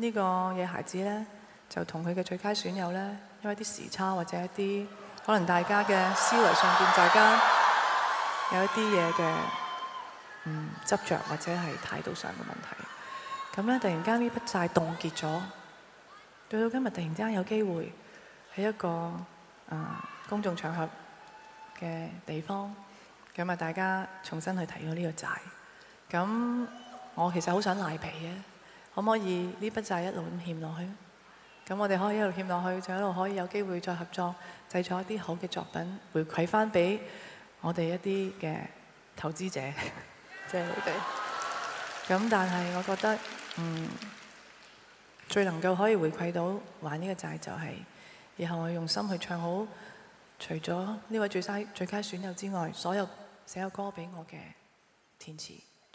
呢、呢個嘢孩子呢，就同佢嘅最佳損友呢，因為啲時差或者一啲可能大家嘅思維上邊大家有一啲嘢嘅嗯執着，或者係態度上嘅問題。咁咧突然間呢筆債凍結咗，到到今日突然之間有機會喺一個誒、嗯、公眾場合嘅地方，咁啊大家重新去提到呢個債。咁我其實好想賴皮嘅。可唔可以呢筆債一路咁欠落去？咁我哋可以一路欠落去，就一路可以有機會再合作製作一啲好嘅作品，回饋返俾我哋一啲嘅投資者，即係你哋。咁但係我覺得、嗯，最能夠可以回饋到玩呢個債就係，以後我用心去唱好，除咗呢位最嘥最佳損友之外，所有寫個歌俾我嘅填詞。